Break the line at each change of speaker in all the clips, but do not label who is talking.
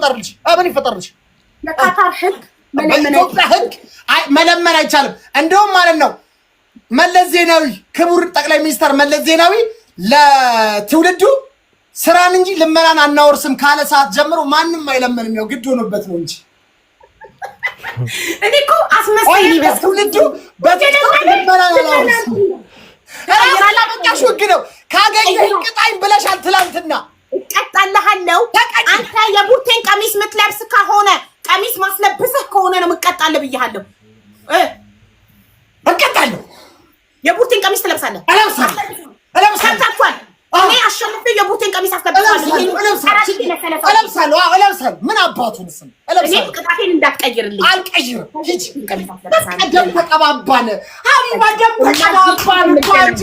ይፈጠርልሽ? ምን ይፈጠርልሽ?
ለካታር ህግ
በኢትዮጵያ ህግ መለመን አይቻልም። እንደውም ማለት ነው መለስ ዜናዊ ክቡር ጠቅላይ ሚኒስትር መለስ ዜናዊ ለትውልዱ ስራን እንጂ ልመናን አናወርስም ካለ ሰዓት ጀምሮ ማንም አይለመንም። ያው ግድ ሆኖበት ነው እንጂ እኔ እኮ አስመሳይ ትውልዱ ልመናን አናወርስም። ራስ ላበቃሽ ህግ ነው። ካገኘ ቅጣኝ ብለሻል ትላንትና
እቀጣልሃለሁ። አንተ የቡርቴን ቀሚስ የምትለብስ ከሆነ ቀሚስ ማስለብስህ ከሆነ ነው የምቀጣልህ ብያለሁ።
እቀጣለሁ። የቡርቴን ቀሚስ ትለብሳለህ። እለብሳለሁ።
እኔ አሸንፌ የቡርቴን ቀሚስ
አስለብሳለሁ። እለብሳለሁ። አዎ እለብሳለሁ። ምን አባቱን ስም እለብሳለሁ።
ቅጣቴን እንዳትቀይርልኝ።
አልቀይርም። ሂጂ። በቃ ደም ተቀባባን። ሀቢባ ደም ተቀባባን። ፓርቲ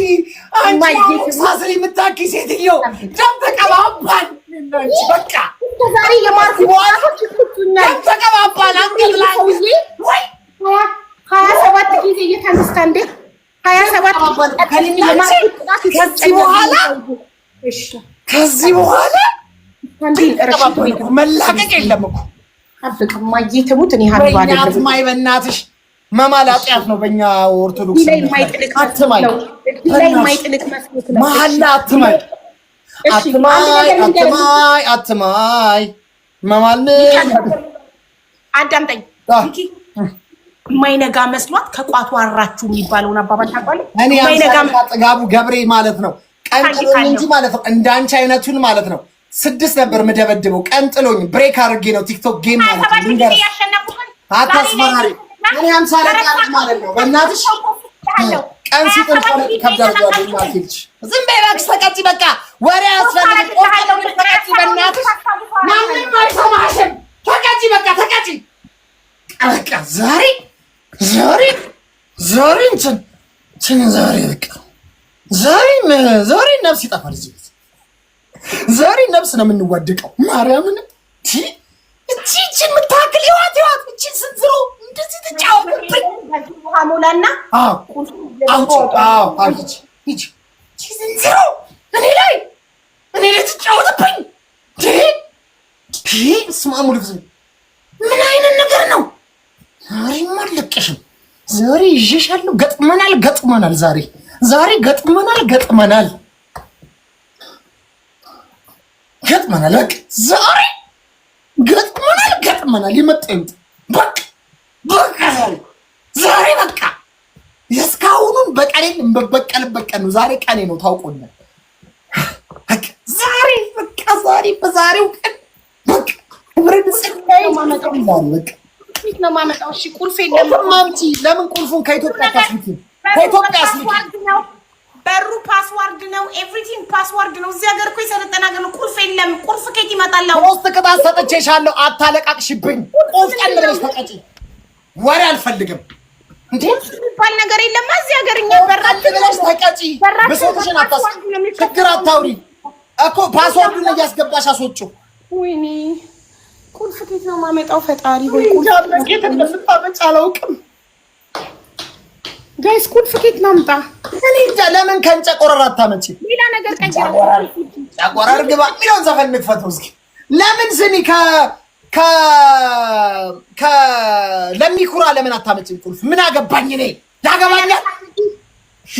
ሳስሪ የምታኪ ሴትዮ ደም ተቀባባን። በቃ
ዛሬ የማርኩ በኋላ
ደም ተቀባባን። አንገት ላይ
ወይ ሀያ ሰባት ጊዜ እየተነስታ እንዴ ሀያ ሰባት
ከዚህ በኋላ ከዚህ በኋላ መላቀቅ የለም
እኮ ማየትሙት እኔ
ማይ በእናትሽ መማላጥያት ነው። በእኛ ኦርቶዶክስ አትማይ፣ አትማይ፣
አዳምጠኝ መስሏት ከቋቱ አራችሁ የሚባለውን አባባል ታውቃለህ?
ጥጋቡ ገብሬ ማለት ነው እንጂ ማለት ነው እንዳንቺ አይነቱን ማለት ነው ስድስት ነበር ምደበድበው። ቀን ጥሎኝ ብሬክ አድርጌ ነው ቲክቶክ ጌም
ማለት ነው።
አታስፈራሪ። እኔ አምሳ ለቃለች ማለት ነው። በእናትሽ ቀን ሲጥል ቆረጥ ከብዳርጓል ማልቴልች
ዝም በይ እባክሽ፣ ተቀጭ በቃ ወሬ አስፈልግ። ተቀጭ በእናትሽ፣ ማንም አይሰማሽም። ተቀጭ በቃ ተቀጭ
በቃ። ዛሬ ዛሬ ዛሬ እንትን እንትን ዛሬ በቃ ዛሬ ዛሬ ነፍስ ይጠፋል እዚህ ዛሬ ነፍስ ነው የምንዋደቀው። ማርያምን እቺ
እቺን የምታክል ህዋት ህዋት እቺ ስንዝሮ እንደዚህ ትጫወትብኝ ሙላና እኔ ላይ እኔ ላይ ትጫወትብኝ።
ስማሙል ምን አይነት ነገር ነው? ዛሬማ አለቀሽም። ዛሬ ይዤሻለሁ። ገጥመናል ገጥመናል። ዛሬ ዛሬ ገጥመናል ገጥመናል ገጥመናል። በቃ ዛሬ ገጥመናል፣ ገጥመናል። የመጣ በቃ በቃ ዛሬ ዛሬ በቃ የእስካሁኑን በቀሌን በበቀልበት ቀን ነው። ዛሬ ቀኔ ነው ታውቆኛል። ዛሬ በቃ ዛሬ በዛሬው ቀን በቃ ለምን ቁልፉን ከኢትዮጵያ
በሩ ፓስዋርድ ነው። ኤቭሪቲንግ ፓስዋርድ ነው። እዚህ ሀገር እኮ የሰለጠነ ሀገር ነው። ቁልፍ የለም። ቁልፍ ከየት ይመጣል?
ሶስት ቅጣት ሰጥቼሻለሁ። አታለቃቅሽብኝ። ቁልፍ ቀልብሽ ተቀጪ። ወሬ አልፈልግም።
እንዴ የሚባል ነገር የለም እዚህ ሀገር። እኛ
በራችን ተቀጪ። ብሶትሽን አታስ ችግር አታውሪ እኮ ፓስዋርዱን እያስገባሽ አስወጪው።
ወይኔ ቁልፍ ከየት ነው የማመጣው? ፈጣሪ
ሆይ ቁልፍ ከየት አላውቅም።
ጋይስ ቁልፍ ከየት ማምጣ
እኔ እንጃ። ለምን ከእንጨት ቆረር አታመጪ? ሌላ ነገር ጨቆረር ግባ የሚለውን ዘፈን እንክፈተው እስኪ። ለምን ስኒ ለሚኩራ ለምን አታመጪ ቁልፍ? ምን አገባኝ እኔ ያገባኛል።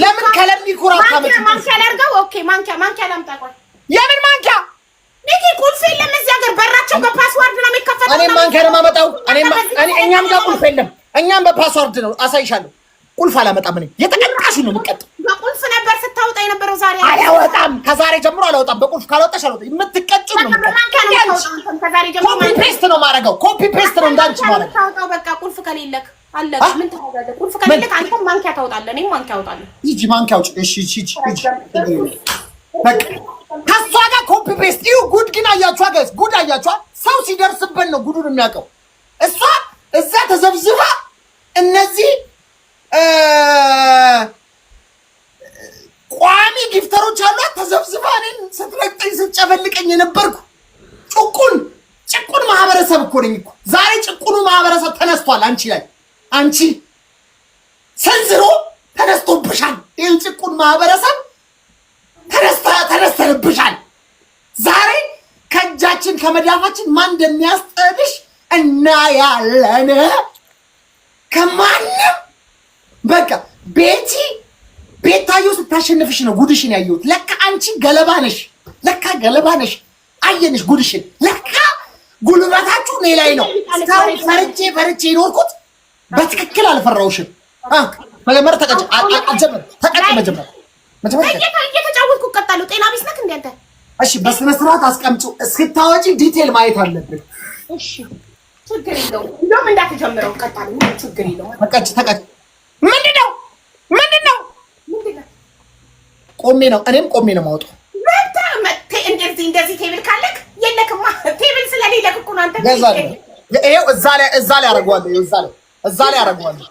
ለምን ከለሚኩራ
አታመጪ? ማንኪያ ላድርገው? ኦኬ፣ ማንኪያ ማንኪያ ላምጣ። ቆይ የምን ማንኪያ? ኒኪ ቁልፍ የለም እዚህ ሀገር፣ በራቸው በፓስዋርድ ነው የሚከፈተው።
እኔም ማንኪያ ነው የማመጣው። እኔም እኛም ጋር ቁልፍ የለም፣ እኛም በፓስዋርድ ነው። አሳይሻለሁ ቁልፍ አላመጣም። እኔ የተቀጣሽ ነው የምትቀጣው።
በቁልፍ ነበር ስታወጣ የነበረው። ዛሬ
አላወጣም፣ ከዛሬ ጀምሮ አላወጣም። በቁልፍ ካልወጣሽ አላወጣም። የምትቀጭ ነው። ኮፒ ፔስት ነው ማድረገው። ኮፒ ፔስት ነው እንዳንቺ ማለት
በቃ ቁልፍ ከሌለክ አለቀ። ምን ታደርጋለህ? ቁልፍ ከሌለክ አንተም ማንኪያ ታወጣለህ፣ እኔም ማንኪያ አወጣለሁ።
ሂጂ ማንኪያ እሺ፣ ሂጂ፣ ጋር ኮፒ ፔስት። ይሁ ጉድ ግን አያችኋ፣ ገስ ጉድ አያችኋ። ሰው ሲደርስበት ነው ጉዱን የሚያውቀው። እሷ እዛ ተዘብዝባ እነዚህ ቋሚ ጊፍተሮች አሏት። ተዘብዝባ እኔን ስትረግጠኝ ስትጨፈልቀኝ የነበርኩ ጭቁን ጭቁን ማህበረሰብ እኮ ነኝ እኮ። ዛሬ ጭቁኑ ማህበረሰብ ተነስቷል። አንቺ ላይ አንቺ ሰንዝሮ ተነስቶብሻል። ይህን ጭቁን ማህበረሰብ ተነስተንብሻል። ዛሬ ከእጃችን ከመዳፋችን ማን እንደሚያስጠልሽ እናያለን ከማንም በቃ ቤቲ ቤታዬ ስታሸንፍሽ ነው ጉድሽን ያየሁት። ለካ አንቺ ገለባ ነሽ፣ ለካ ገለባ ነሽ። አየንሽ ጉድሽን። ለካ ጉልበታችሁ እኔ ላይ ነው። እስካሁን ፈርቼ ፈርቼ የኖርኩት በትክክል አልፈራውሽም። መጀመር ተቀጭ ተቀጭ መጀመር
እየተጫወትኩ እቀጣለሁ። ጤና ቢስ ነክ እንደ
እሺ፣ በስነ ስርዓት አስቀምጪ። እስክታወጪ ዲቴል ማየት አለብን። እሺ፣
ችግር የለውም። እንደውም እንዳትጀምረው እቀጣለሁ። ችግር የለውም።
ተቀጭ ተቀጭ ቆሜ ነው እኔም ቆሜ ነው የማወጣው።
እንደዚህ እንደዚህ ቴብል ካለክ የለክማ ቴብል ስለሌለክ እኮ ነው
አንተ። ይኸው እዛ ላይ እዛ ላይ አደርገዋለሁ። እዛ ላይ እዛ ላይ አደርገዋለሁ።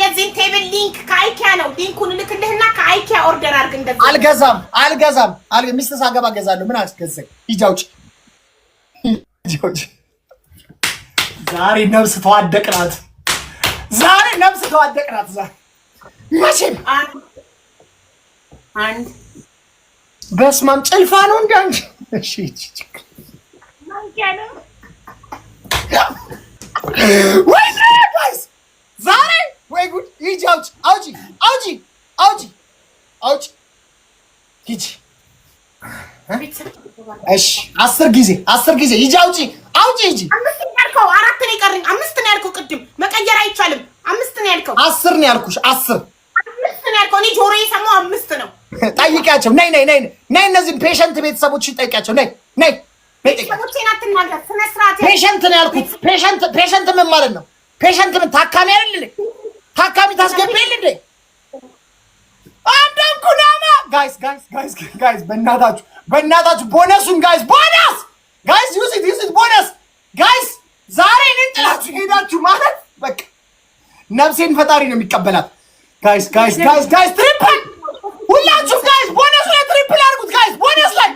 የዚህን ቴብል ሊንክ ከአይኪያ ነው። ሊንኩን ልክልህና ከአይኪያ ኦርደር አድርግ። እንደዚያ
አልገዛም፣ አልገዛም። ሚስት ሳገባ እገዛለሁ። ምን አስገዛኝ? ሂጂ አውጪ፣ ሂጂ አውጪ። ዛሬ ነብስ ተዋደቅናት። ዛሬ ነብስ ተዋደቅናት። ዛሬ መቼም አንድ በስማም ጭልፋ ነው እንደ አንቺ። እሺ ወይ ዛሬ ወይ ጉድ! ሂጂ አውጪ፣ አውጪ፣ አውጪ፣ አውጪ፣ አውጪ፣ ሂጂ። እሺ አስር ጊዜ አስር ጊዜ ሂጂ፣ አውጪ፣ አውጪ፣ ሂጂ።
አምስት ነው ያልከው፣ አራት ነው የቀረኝ። አምስት ነው ያልከው፣ ቅድም መቀየር አይቻልም። አምስት ነው ያልከው፣
አስር ነው ያልኩሽ፣ አስር
ነው ያልከው። እኔ ጆሮ የሰማው አምስት ነው።
ጠይቂያቸው። ነይ ነይ ነይ ነይ፣ እነዚህም ፔሸንት ቤተሰቦችን ጠይቂያቸው። ነይ ነይ ፔሸንት ነው ያልኩት። ፔሸንት ፔሸንት ምን ማለት ነው? ፔሸንት ምን ታካሚ አይደል? ታካሚ ታስገቢያል እንዴ? አንደኩናማ ጋይስ ጋይስ ጋይስ ጋይስ፣ በእናታችሁ በእናታችሁ፣ ቦነሱን ጋይስ፣ ቦነስ ጋይስ፣ ዩዚት ዩዚት፣ ቦነስ ጋይስ። ዛሬ እኔን ጥላችሁ ሄዳችሁ ማለት በቃ ነፍሴን ፈጣሪ ነው የሚቀበላት። ጋይስ ጋይስ ጋይስ ጋይስ ትሪፕል ሁላችሁ ጋይስ ቦነስ ላይ ትሪፕል አድርጉት ጋይስ ቦነስ ላይ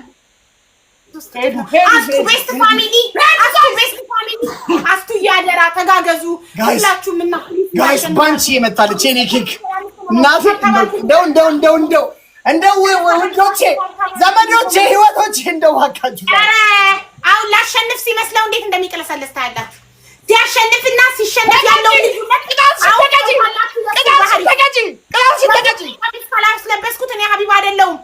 አስቱ ቤስት ፋሚሊ አስቱ ተጋገዙ
ሁላችሁም እና ጋይስ ባንቺ የመጣለች የኔ ኬክ እንደው እንደው እንደው እንደው እንደው ውዶቼ ዘመዶቼ ህይወቶቼ እንደው
አሁን ላሸንፍ ሲመስለው እንዴት እንደሚቀለሰለስ ታያላችሁ ሲያሸንፍና ሲሸነፍ ያለው ልዩነት ስለበስኩት እኔ ሀቢባ አይደለሁም።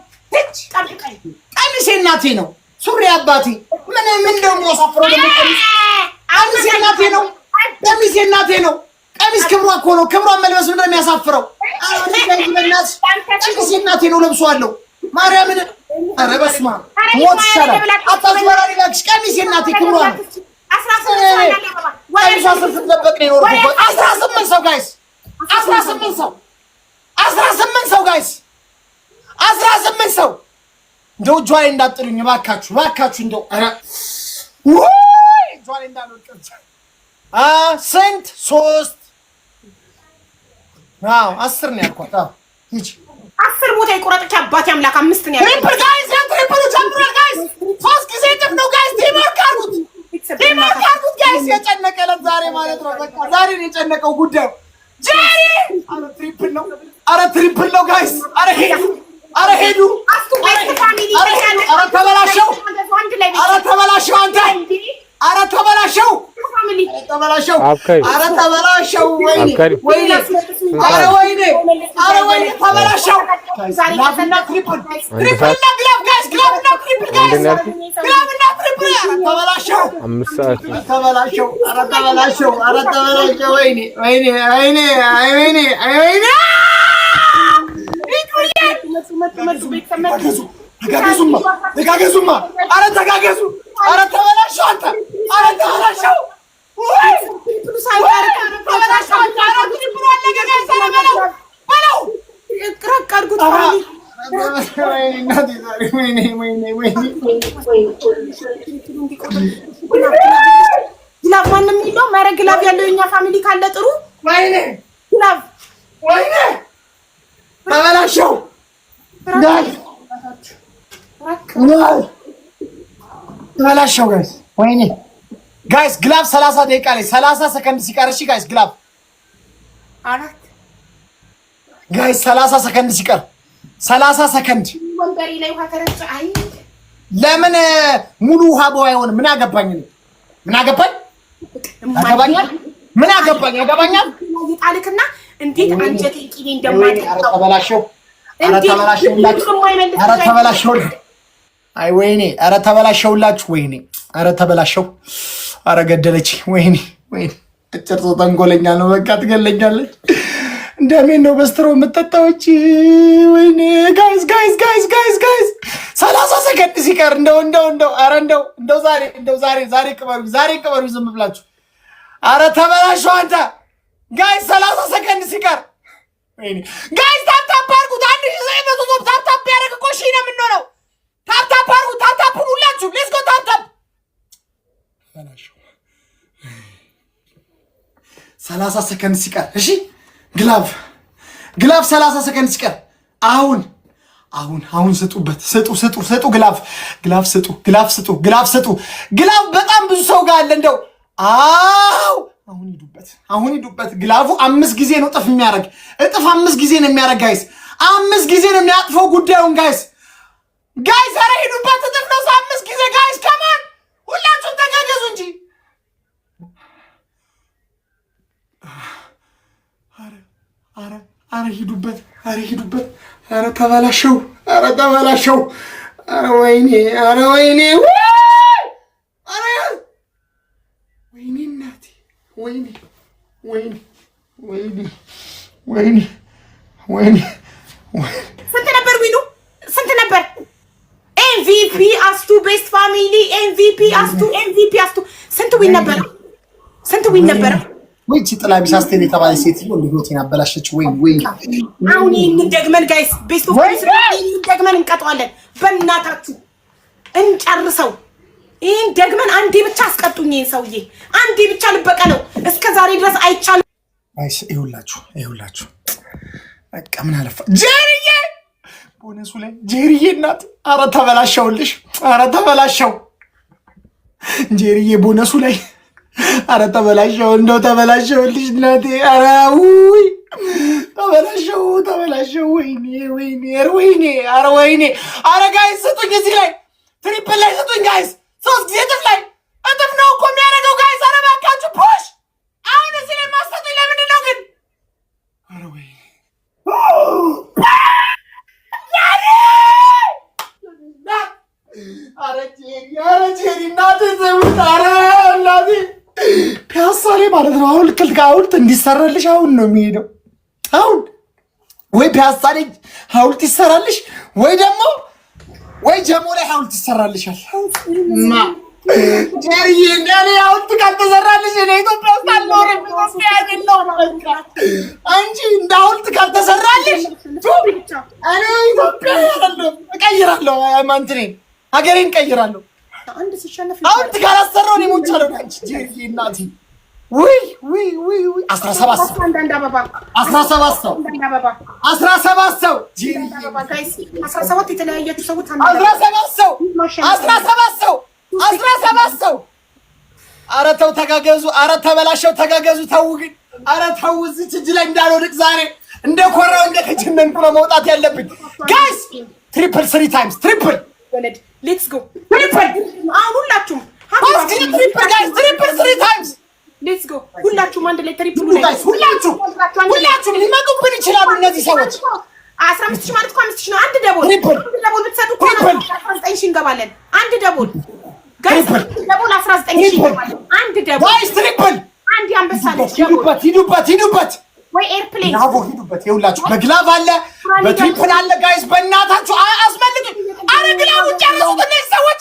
ቀሚሴ እናቴ ነው፣ ሱሪ አባቴ ምን ምን ደግሞ ሳፍሮ ቀሚሴ እናቴ ነው። ቀሚሴ እናቴ ነው። ቀሚስ ክብሯ እኮ ነው። ክብሯን መልበስ ምን ነው የሚያሳፍረው? ቀሚሴ እናቴ ነው፣ ለብሷለሁ። ማርያምን ኧረ ሞት ይሻላል። አታዝበራሪ ቀሚሴ እናቴ ክብሯ ነው።
አስራ ስምንት
ሰው ጋይስ፣ አስራ እንደው እጇ ላይ እንዳጥሉኝ እባካችሁ፣ እባካችሁ እንደው እጇ ላይ እንዳልወድቅ ስንት ሶስት አስር ነው ያልኳት። ሂጂ
አስር ቦታ የቆረጠች አባቴ አምላክ አምስት ነው
ያልኳት። ትሪፕል ጋይስ፣ ትሪፕሉ ጨምሯል ጋይስ። ሶስት ጊዜ ጥፍ ነው ጋይስ። ቲም ወርክ የተጨነቀ ዕለት ዛሬ ማለት ነው። በቃ ዛሬ ነው የጨነቀው ጉዳዩ። ኧረ ትሪፕል ነው፣ ኧረ ትሪፕል ነው ጋይስ። ኧረ ሄዱ፣ ኧረ ሄዱ፣ ኧረ ተበላሸው፣ ኧረ ተበላሸው አንተ ኧረ ተበላሸው፣ ተበላሸው፣ ኧረ ተበላሸው፣ ወይኔ ወይኔ፣ ኧረ ወይኔ፣ ኧረ ወይኔ፣ ተበላሸው። ግላብና ትሪፕል፣ ትሪፕልና ግላብ ጋይስ፣ ተጋገዙማ፣ ተጋገዙማ፣ ኧረ ተጋገዙ፣ ኧረ ተበላሸው አንተ ግላብ
ማንም የለውም። ኧረ ግላብ ያለው የኛ ፋሚሊ ካለ ጥሩ። ወይኔ ግላብ
ወይኔ ተበላሸው። ተበላሸው ጋይስ ወይኔ ጋይስ ግላብ 30 ደቂቃ ላይ 30 ሰከንድ ሲቀር፣ እሺ ጋይስ ግላብ አራት ጋይስ 30 ሰከንድ ሲቀር፣ 30 ሰከንድ ለምን ሙሉ ውሃ በውሃ አይሆንም? ምን አገባኝ ነው? ምን አገባኝ? አገባኛል? ምን አገባኝ? አገባኛል?
ይጣልክና እንዴት አንጀቴ ቂቤ
እንደማይጠጣው ኧረ ተበላሽውላችሁ። ኧረ ተበላሽው። አይ ወይኔ! ኧረ ተበላሽውላችሁ። ወይኔ! ኧረ ተበላሽው። አረ ገደለች። ወይኔ ወይኔ ጨርሶ ተንኮለኛ ነው። በቃ ትገለኛለች። እንደምን ነው በስትሮ የምጠጣው የምጠጣዎች? ወይኔ ጋይዝ ጋይዝ ጋይዝ ጋይዝ ጋይዝ፣ ሰላሳ ሰከንድ ሲቀር እንደው እንደው እንደው አረ እንደው እንደው ዛሬ እንደው ዛሬ ዛሬ ቅበሩ ዛሬ ቅበሩ ዝም ብላችሁ። አረ ተበላሹ አንተ ጋይዝ፣ ሰላሳ ሰከንድ ሲቀር ወይኔ ጋይስ ታፕታፕ አድርጉት። አንድ ሺህ ዘጠኝ መቶ ሶብ ታፕታፕ ያደረግ እኮ ሺህ ነው የምንሆነው። ታፕታፕ አድርጉት። ታፕታፕ ሁላችሁ ሌትስ ጎ ታፕታፕ ሰላሳ ሰከንድ ሲቀር እሺ፣ ግላቭ ግላቭ፣ ሰላሳ ሰከንድ ሲቀር አሁን አሁን አሁን ስጡበት፣ ስጡ ስጡ ስጡ፣ ግላቭ ግላቭ ስጡ፣ ግላቭ ስጡ፣ ግላቭ ስጡ። ግላቭ በጣም ብዙ ሰው ጋር አለ። እንደው አው አሁን ሂዱበት፣ አሁን ሂዱበት። ግላቭ አምስት ጊዜ ነው እጥፍ የሚያደርግ እጥፍ አምስት ጊዜ ነው የሚያደርግ ጋይስ፣ አምስት ጊዜ ነው የሚያጥፈው ጉዳዩን ጋይስ፣ ጋይስ፣ ኧረ ሂዱበት፣ እጥፍ ነው አምስት ጊዜ ጋይስ አረ አረ ሂዱበት፣ አረ ሂዱበት፣ አረ ተበላሸው፣ አረ ተበላሸው፣ አረ ወይኔ፣ አረ ወይኔ፣ አረ ወይኔ፣ እናቴ፣ ወይኔ፣ ወይኔ፣ ወይኔ፣ ወይኔ፣ ወይኔ።
ስንት ነበር ቢሉ ስንት ነበር? ኤምቪፒ አስቱ ቤስት ፋሚሊ ኤምቪፒ አስቱ ኤምቪፒ አስቱ ስንት ዊን ነበረ? ስንት ዊን ነበረ?
ወይቺ ጥላ ቢስ የተባለ ሴትዮ ልጆቴን አበላሸች። ወይ ወይ
አሁን ይህንን ደግመን ጋይስ ቤስቶ
ይህንን
ደግመን እንቀጠዋለን። በእናታችሁ እንጨርሰው። ይህን ደግመን አንዴ ብቻ አስቀጡኝ። ይህን ሰውዬ አንዴ ብቻ ልበቀ ነው። እስከ ዛሬ ድረስ አይቻልም።
ይኸውላችሁ ይኸውላችሁ በቃ ምን አለፋ ጀርዬ ቦነሱ ላይ ጀርዬ እናት፣ አረ ተበላሸውልሽ፣ አረ ተበላሸው ጀርዬ ቦነሱ ላይ አረ ተበላሸው፣ እንደው ተበላሸውልሽ እናቴ። አረ ውይ ተበላሸው፣ ተበላሸው። ወይኔ ወይኔ፣ ወይኔ፣ አረ ወይኔ። አረ ጋይስ ስጡኝ፣ እዚህ ላይ ትሪፕል ላይ ስጡኝ ጋይስ። ሶስት ጊዜ እጥፍ ላይ እጥፍ ነው እኮ የሚያደርገው ጋይስ። አረ ባካችሁ ፖሽ የፖለቲካ ሐውልት እንዲሰራልሽ አሁን ነው የሚሄደው። አሁን ወይ ፒያሳ ላይ ሐውልት ይሰራልሽ ወይ ደግሞ ወይ ጀሞ ላይ ሐውልት ይሰራልሻል። ጀርዬ ሐውልት ካልተሰራልሽ እኔ ኢትዮጵያ ውስጥ አልኖርም። አንቺ እንደ ሐውልት ካልተሰራልሽ እኔ ኢትዮጵያ እቀይራለሁ፣ ሃይማኖቴን፣ ሀገሬን እቀይራለሁ። ሐውልት ካላሰራው እኔ ሞቻለሁ። አንቺ ጀርዬ እናቴ አስራ ሰባት ሰው አስራ ሰባት ሰው
አስራ ሰባት የተለያየቱ
ተው ተጋገዙ። ኧረ ተበላሸው ተጋገዙ። ተው ግን ኧረ ተው። እዚህ እጅ ላይ እንዳልወድቅ ዛሬ እንደ ኮራው እንደ ተጀነንኩ ነው መውጣት ያለብኝ። ጋይስ ትሪፕል ስሪ ታይምስ ትሪፕል ሌትስ ጎ ትሪፕል አሁን ሁላችሁም ትሪፕል ጋይስ ትሪፕል ስሪ ታይምስ
ሌትስ ጎ ሁላችሁም አንድ ላይ ትሪፕሉ
ላይ ሁላችሁም ሁላችሁም ሊመጡብን ይችላሉ እነዚህ ሰዎች።
አስራ አምስት ሺህ ማለት እኮ አምስት ሺህ ነው። አንድ ደቦል
አንድ ደቦል
ብትሰጡ እኮ አስራ ዘጠኝ ሺህ እንገባለን። አንድ ደቦል ጋይስ፣ ደቦል አስራ ዘጠኝ ሺህ እንገባለን። አንድ ደቦል
ጋይስ፣ ትሪፕል አንድ ያንበሳ ልጅ ሂዱበት ሂዱበት ወይ ኤርፕሌን አቦ ሂዱበት። ይኸውላችሁ በግላቭ አለ በትሪፕል አለ ጋይስ፣ በእናታችሁ አስመልጡ። አረ ግላቡን ጨርሱት እነዚህ ሰዎች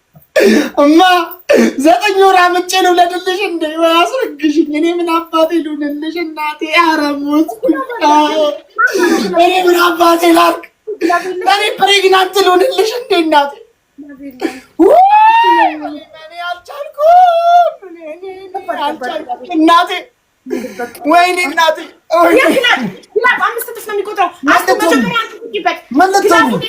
እማ ዘጠኝ ወር አምጬ ነው ለድልሽ እንደ አስረግሽኝ። እኔ ምን አባቴ ልሁንልሽ እናቴ? ኧረ ሞት! እኔ ምን አባቴ ላርክ? እኔ ፕሬግናንት ልሁንልሽ እንደ እናቴ? አልቻልኩም እናቴ ወይኔ እናት
አምስት እጥፍ ነው የሚቆጥረው። ምን ልታመጪ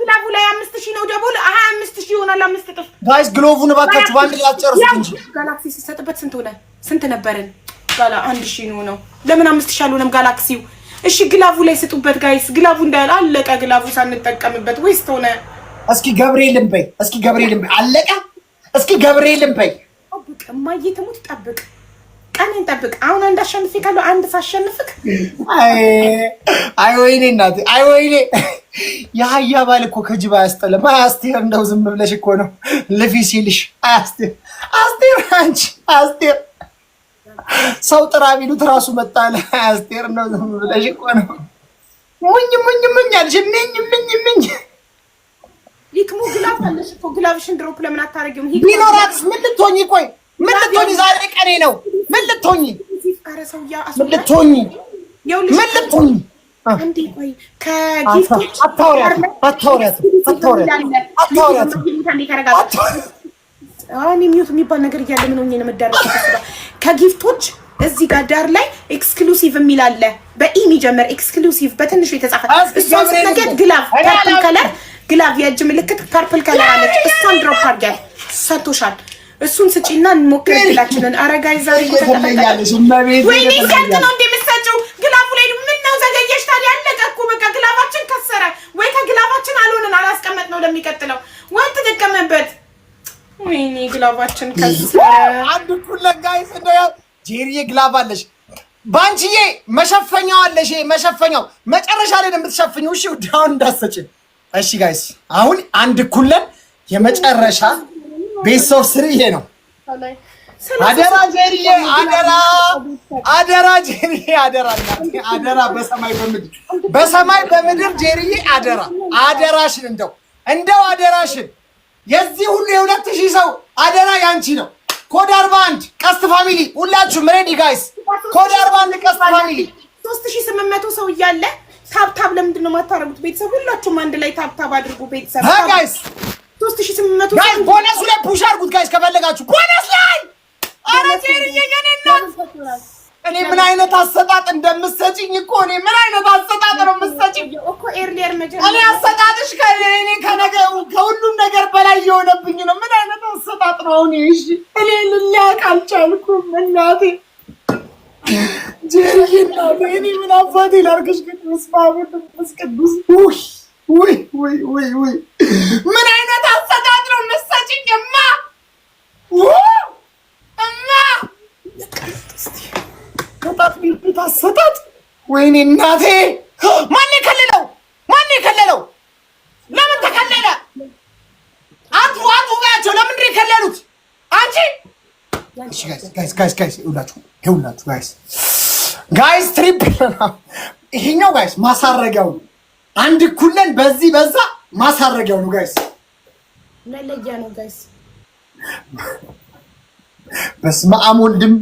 ግላቡ ላይ አምስት ሺህ ነው ደቦል ሀያ አምስት ሺህ ይሆናል። አምስት እጥፍ ጋይስ ግሎቡን እባካችሁ በአንድ ላይ አትጨርሱት እንጂ ጋላክሲ ሲሰጥበት ስንት ሆነ? ስንት ነበርን? ጋላ አንድ ሺ ነው ነው። ለምን አምስት ሺ አልሆነም? ጋላክሲው እሺ፣ ግላቡ ላይ ስጡበት ጋይስ። ግላቡ እንዳያል አለቀ። ግላቡ ሳንጠቀምበት ወይስ ሆነ። እስኪ ገብርኤልን በይ፣ እስኪ ገብርኤልን በይ። አለቀ። እስኪ ገብርኤልን በይ። ጠብቅ እማዬ ትሙት፣ ጠብቅ፣ ቀኔን ጠብቅ። አሁን አንድ አሸንፍ ካለው አንድ ሳሸንፍክ፣ አይ ወይኔ እናቴ፣ አይ ወይኔ የአህያ ባል እኮ ከጅብ አያስጠላም። አያስቴር እንደው ዝም ብለሽ እኮ ነው ልፊ ሲልሽ አያስቴር፣ አስቴር አንቺ አስቴር ሰው ጥራ ቢሉት ራሱ መጣለ አስቴር ነው ብለሽ እኮ ነው። ሙኝ ሙኝ ሙኝ አልሽ። ምኝ ምኝ ምኝ ይክሙ ግላፍ አለሽ እኮ ግላፍሽን ድሮፕ ለምን አታረጊውም? ቢኖራት ምን ልትሆኚ? ቆይ ምን ልትሆኚ? ዛሬ ቀኔ ነው። ምን ልትሆኚ? ኧረ ሰውዬ ምን ልትሆኚ? ምን ልትሆኚ? አንዴ ቆይ ከጊፍቶች አታወሪያትም፣ አታወሪያትም፣ አታወሪያትም፣ አታወሪያትም። እኔ ሚውት የሚባል ነገር እያለ ምን ሆኜ ነው መዳረግ ከጊፍቶች እዚህ ጋር ዳር ላይ ኤክስክሉሲቭ የሚል አለ። በኢ የሚጀምር ኤክስክሉሲቭ በትንሹ የተጻፈ እሷን ስትነገር ግላቭ ፐርፕል ከለር ግላቭ የእጅ ምልክት ፐርፕል ከለር አለች። እሷን ድሮፕ አድርጊያል ሰጥቶሻል። እሱን ስጪና እንሞክር ግላችንን። ኧረ ጋይዝ ዛሬ ወይኔ ስንት ነው እንደምትሰጪው? ግላፉ ላይ ምን ነው ዘገየሽ ታዲያ? አለቀ እኮ በቃ ግላፋችን ከሰረ ወይ ከግላፋችን አልሆንን አላስቀመጥ ነው ለሚቀጥለው ወይኔ ግላባችን አንድ ኩለጋይስ እንደ ጄሪዬ ግላብ አለሽ ባንቺዬ መሸፈኛው አለሽ። መሸፈኛው መጨረሻ ላይ የምትሸፍኝው እሺ፣ ዳውን እንዳሰጭን። እሺ ጋይስ፣ አሁን አንድ ኩለን የመጨረሻ ቤስ ኦፍ ስሪ ይሄ ነው። አደራ ጄሪዬ፣ አደራ፣ አደራ ጄሪዬ፣ አደራ፣ አደራ፣ በሰማይ በምድር፣ በሰማይ በምድር ጄሪዬ፣ አደራ፣ አደራሽን እንደው እንደው አደራሽን የዚህ ሁሉ የሁለት ሺህ ሰው አደራ ያንቺ ነው። ኮድ አርባ አንድ ቀስት ፋሚሊ ሁላችሁም ሬዲ ጋይስ፣ ኮድ አርባ አንድ ቀስት ፋሚሊ ሶስት ሺህ ስምንት መቶ ሰው እያለ ታብታብ ለምንድን ነው የማታረጉት? ቤተሰብ ሁላችሁም አንድ ላይ ታብታብ አድርጉ። ቤተሰብ ጋይስ፣ ሶስት ሺህ ስምንት መቶ ቦነሱ ላይ ፑሽ አድርጉት ጋይስ ከፈለጋችሁ ቦነስ ላይ አረ ቴሪ የኔ እናት እኔ ምን አይነት አሰጣጥ እንደምትሰጪኝ እኮ እኔ ምን አይነት አሰጣጥ ነው የምትሰጪኝ እኮ ኤርሊየር መጀመሪያ እኔ አሰጣጥሽ ከእኔ ከሁሉም ነገር በላይ የሆነብኝ ነው። ምን አይነት አሰጣጥ ነው አሁን? እሺ እኔ ልላቅ አልቻልኩም እናቴ ጀርዬ፣ እናቴ እኔ ምን አባቴ ላርገሽ ቅዱስ ስማ ቅዱስ ውይ ውይ ውይ ውይ ምን አይነት አሰጣጥ አገልግሎት አሰጣጥ ወይኔ እናቴ! ማን የከለለው? ማን የከለለው? ለምን ተከለለ? አንቱ አቱ ለምንድን የከለሉት? አንቺ ጋይስ ጋይስ ትሪፕ ይሄኛው ጋይስ ማሳረጊያው ነው። አንድ በዚህ በዛ ማሳረጊያው ነው ጋይስ መለያ ነው ጋይስ በስመ አብ ወልድም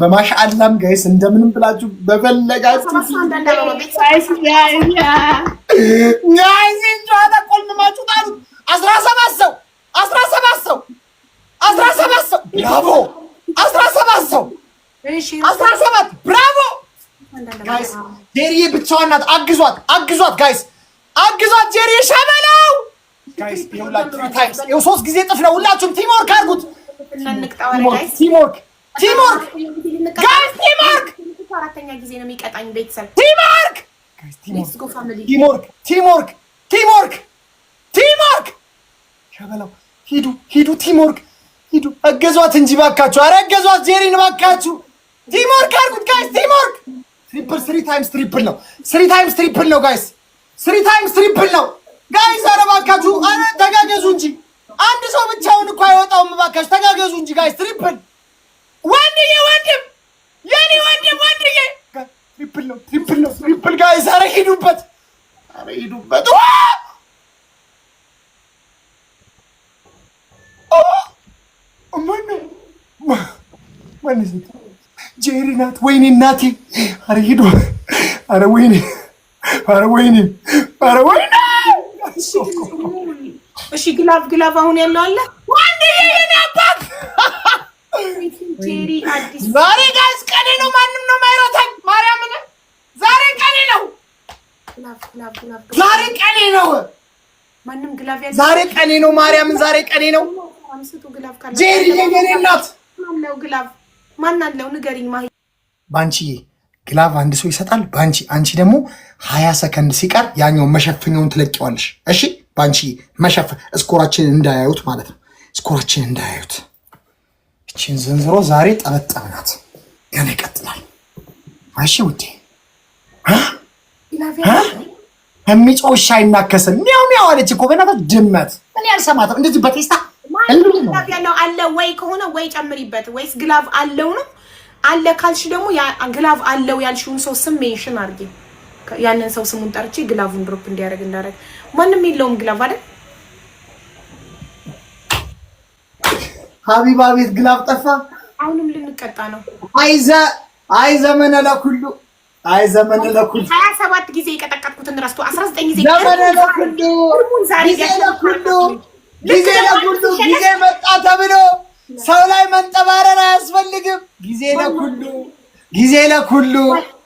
በማሻአላም ጋይስ እንደምንም ብላችሁ በፈለጋችሁ አስራ ሰባት ሰው አስራ ሰባት ሰው አስራ ሰባት ሰው ብራቮ! አስራ ሰባት ሰው አስራ ሰባት ብራቮ! ጋይስ ጄሪዬ ብቻዋን ናት። አግዟት አግዟት ጋይስ አግዟት ጄሪዬ ጋይስ ይኸውላችሁ ታይምስ ይኸው ሶስት ጊዜ ጥፍ ነው። ሁላችሁም ቲም ወርክ አድርጉት ቲምወርክ ቲምወርክ ጋይስ ቲምወርክ አራተኛ ጊዜ ነው የሚቀጣኝ ቤተሰብ ቲምወርክ ቲምወርክ ቲምወርክ ቲምወርክ ቲምወርክ ሸበላው ሂዱ ሂዱ ቲምወርክ ሂዱ እገዟት እንጂ ባካችሁ ኧረ እገዟት ጄሪን ባካችሁ ቲምወርክ አድርጉት ጋይስ ቲምወርክ ትሪፕል ስሪ ታይምስ ትሪፕል ነው ስሪ ታይምስ ትሪፕል ነው ጋይስ ስሪ ታይምስ ትሪፕል ነው ጋይስ ኧረ ባካችሁ ኧረ ተጋገዙ እንጂ አንድ ሰው ብቻውን እኮ አይወጣውም። እባካችሁ ተጋገዙ እንጂ ጋይስ። ትሪፕል ወንድዬ፣ ወንድም የኔ ወንድም ወንድዬ፣ ትሪፕል ነው፣ ትሪፕል ነው፣ ትሪፕል ጋይስ። አረ ሂዱበት፣ አረ ሂዱበት። ጄሪ ናት። ወይኔ እናቴ! አረ ሂዱ! አረ ወይኔ! አረ ወይኔ! አረ ወይኔ! እሺ ግላብ ግላብ አሁን ያለው አለ ወንድ የኔ አባት ዛሬ ጋይስ ቀኔ ነው። ማንም ነው ማይሮታኝ ማርያምን ዛሬ ቀኔ ነው። ዛሬ ቀኔ ነው። ማንም ግላብ ያለው ዛሬ ቀኔ ነው። ማርያምን ዛሬ ቀኔ ነው። ጄሪ የኔ እናት ማነው ግላብ ማን አለው ንገሪኝ። ማሂ ባንቺዬ ግላቭ አንድ ሰው ይሰጣል። ባንቺ አንቺ ደግሞ ሀያ ሰከንድ ሲቀር ያኛውን መሸፈኛውን ትለቂዋለሽ። እሺ በአንቺ መሸፈ ስኮራችን እንዳያዩት ማለት ነው። ስኮራችን እንዳያዩት እችን ዘንዝሮ ዛሬ ጠበጠብናት። ገና ይቀጥላል። አይሽ ውዴ የሚጮህ ውሻ አይናከስም። ሚያው ሚያው አለች እኮ በእናትህ ድመት። እኔ አልሰማትም። እንደዚህ በቴስታ ያለው አለ ወይ ከሆነ ወይ ጨምሪበት፣ ወይስ ግላቭ አለው ነው አለ ካልሽ ደግሞ ግላቭ አለው ያልሽውን ሰው ስም ሜንሽን አድርጌ ያንን ሰው ስሙን ጠርቼ ግላቡን ድሮፕ እንዲያደርግ እንዳደረግ ማንም የለውም ግላቭ አይደል? ሀቢባ ቤት ግላብ ጠፋ። አሁንም ልንቀጣ ነው። አይዘ አይ ዘመነ ለኩሉ አይ ዘመነ ለኩሉ ሀያ ሰባት ጊዜ የቀጠቀጥኩትን ረስቶ አስራ ዘጠኝ ጊዜ ዘመነ ለኩሉ ጊዜ ለኩሉ ጊዜ ለኩሉ ጊዜ መጣ ተብሎ ሰው ላይ መንጠባረር አያስፈልግም። ጊዜ ለኩሉ ጊዜ ለኩሉ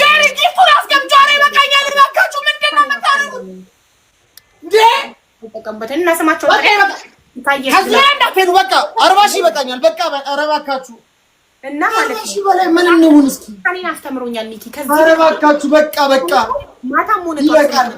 ጀሪ ጊፍቱን አስገብቼዋለሁ። ይበቃኛል። እባካችሁ ምንድን ነው የምታደርጉት? ተጠቀሙበትና ስማቸው ከዚያ እንዳትሄዱ። በቃ አርባ ሺህ ይበቃኛል። በቃ ኧረ እባካችሁ እና ማለት ነው በላይ ምን እንሁን? እስኪ እኔን አስተምሮኛል። ኧረ እባካችሁ በቃ በቃ ማታም ሆነ ይበቃል።